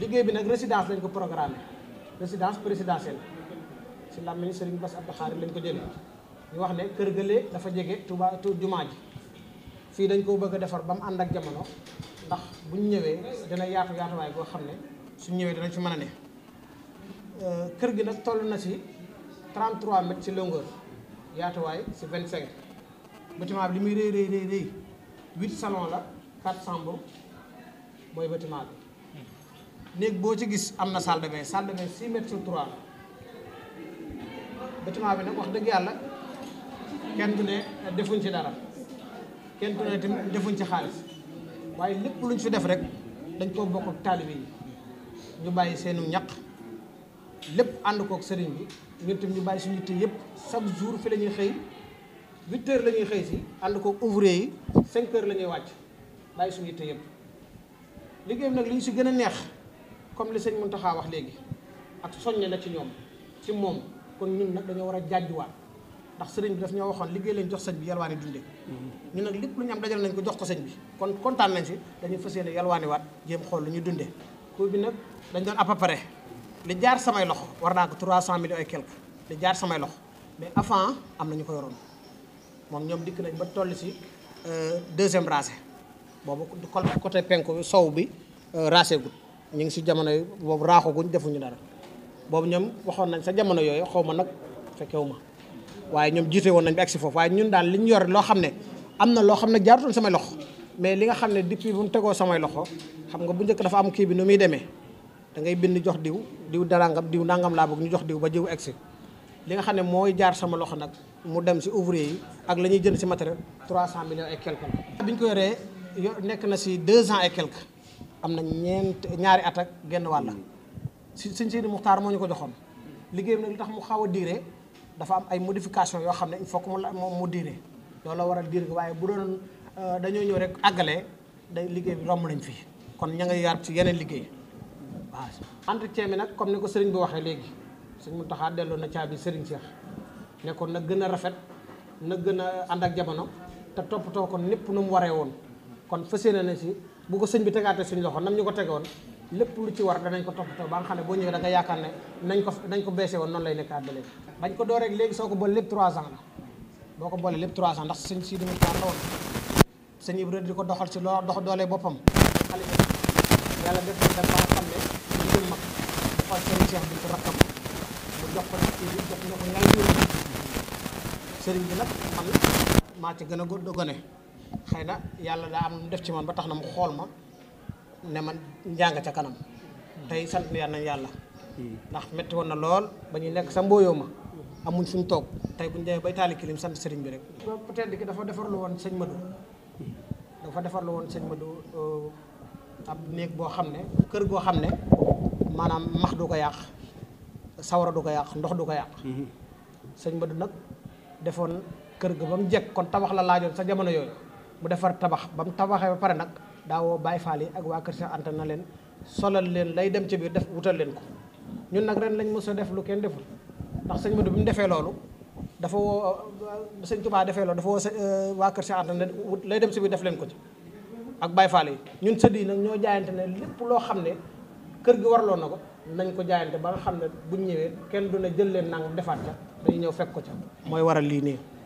liggéey bi nag résidence lañ ko programmé résidence présidentielle si làmmiñ Serigne Bass Abdou Khadre lañ ko jëlee ñu wax ne kër gëlee dafa jege Touba jumaa ji fii dañ koo bëgg a defar ba mu ànd ak jamono ndax buñ ñëwee dina yaatu yaatuwaay boo xam ne suñ ñëwee dinañ fi mën a ne euh, kër gi nag toll na si 33 mètres si longueur yaatuwaay si 25 bâtiment bi li muy rëy rëy rëy rëy 8 salon la 4 chambre mooy bâtiment bi néeg boo ci gis am na salle de bain salle de bain 6 bi nag wax dëgg yàlla kenn du ne defuñ ci dara kenn du ne tamit defuñ ci xaalis waaye lépp luñ fi def rek dañ koo bokk ak taalibe yi ñu bàyyi seenu ñaq lépp ànd kook sëriñ bi ñun tam ñu bàyyi suñu yitte yëpp chaque jour fi la ñuy xëy 8 lañuy xëy si ànd kook ouvrier yi 5 heures la ñuy wàcc bàyyi suñu yitte yëpp liggéey bi nag li ñu si gën a neex. comme le sëñ muntaha wax léegi ak soññe na ci ñom ci mom kon ñun nak dañu wara a jaajuwaat ndax sëriñ bi daf ñoo waxon liggéey lañ jox sëñ bi yalwaani dundé mm-hmm. ñun nak lepp lu ñam dajal nañ ko jox ko sëñ bi kon contane nañ ci dañu fas yalwaani waat jëm xol lu ñu dundé ko bi nak dañ doon apa paré li jaar samay lox war na ko 300 millions et quelque li jaar samay lox mais avant am nañ ko yoron mom ñom dik nañ ba toll ci euh deuxième racée boobu côté penko sow bi euh, rasé gul ñu ngi si jamono yi boobu raaxaguñ defuñu dara boobu ñoom waxoon nañ sa jamono yooyu xaw ma nag fekkewu ma waaye ñoom jiite woon nañ bi agsi foofu waaye ñun daal li ñu yor loo xam ne am na loo xam ne jaarutoon samay loxo mais li nga xam ne depuis bu tegoo samay loxo xam nga bu njëkk dafa am kii bi nu muy demee da ngay bind jox diw diw darangam diw nangam laa bëgg ñu jox diw ba jiw egsi li xam ne mooy jaar sama loxo nag mu dem si ouvrier yi ak la ñuy jënd si matériel 300 millions et quelque. bi ñu ko yoree nekk na si deux ans et quelque. am na ñeent ñaari at ak genn wàlla mm. si sëñ Seydi Muxtaar moo ñu ko joxoon liggéey bi nag li tax mu xaw a diire dafa am ay modification yoo xam ne il faut que mu la mu diire loolu la waral diire waaye bu doon euh, dañoo ñëw rek àggale day liggéey bi romb nañ fi kon ña nga yaar ci yeneen liggéey waaw entretien bi nag comme ni ko sëriñ bi waxee léegi sëñ Muntaxa delloo na caabi sëriñ Seex ne ko na gën a rafet na gën a ànd ak jamono te toppatoo ko népp nu mu waree woon kon fas yéene na si bu ko sëñ bi tegaatee suñu loxo nam ñu ko tegoon lépp lu ci war danañ ko toppatoo ba nga xam ne boo ñëwee da nga yaakaar ne nañ ko nañ ko beese woon noonu lay nekkaat ba léegi bañ ko door rek léegi soo ko boole lépp 3 ans la boo ko boole lépp 3 ans ndax sëñ si dama taan la woon ko doxal si loo dox doolee boppam xale yàlla def na ba nga xam ne ñu sëriñ bi ko rakkam mu jox ko ci bi jox na ko ñaari bi nag man maa ci gën a gone xëy yalla da am def ci man ba tax na mu xol ma ne man njàng ca kanam tay sant yàlla nañ yalla ndax metti woon na lool ba ñuy sa mbooyoo ma amuñ suñ tok tay buñ demee bay taali kilim sant serigne bi rek peut-être ki dafa defarlu won serigne Madou dafa defarlu woon sëñ Madou euh, ab nek bo xam kër goo xam ne du ko yàq sawara du ko yàq ndox du ko yàq mm-hmm. serigne Madou nak defon kër ga bam jek kon tabax la laajoon sa jamono yooyu mu defar tabax ba mu tabaxee ba pare nag daawoo bàyyi faal yi ak waa kër Cheikh Anta na leen solal leen lay dem ci biir def wutal leen ko ñun nag ren lañ mos a def lu kenn deful ndax sëñ Modou bi mu defee loolu dafa woo sëñ Touba defee loolu dafa woo euh, waa kër Cheikh Anta na wut lay dem ci biir def leen ko ci ak Baye Fall yi ñun sëdd yi nag ñoo jaayante ne lépp loo xam ne kër gi warloo na ko nañ ko jaayante ba nga xam ne buñ ñëwee kenn du ne jël leen nangam defaat ca dañu ñëw fekk ko ca mooy war a lii nii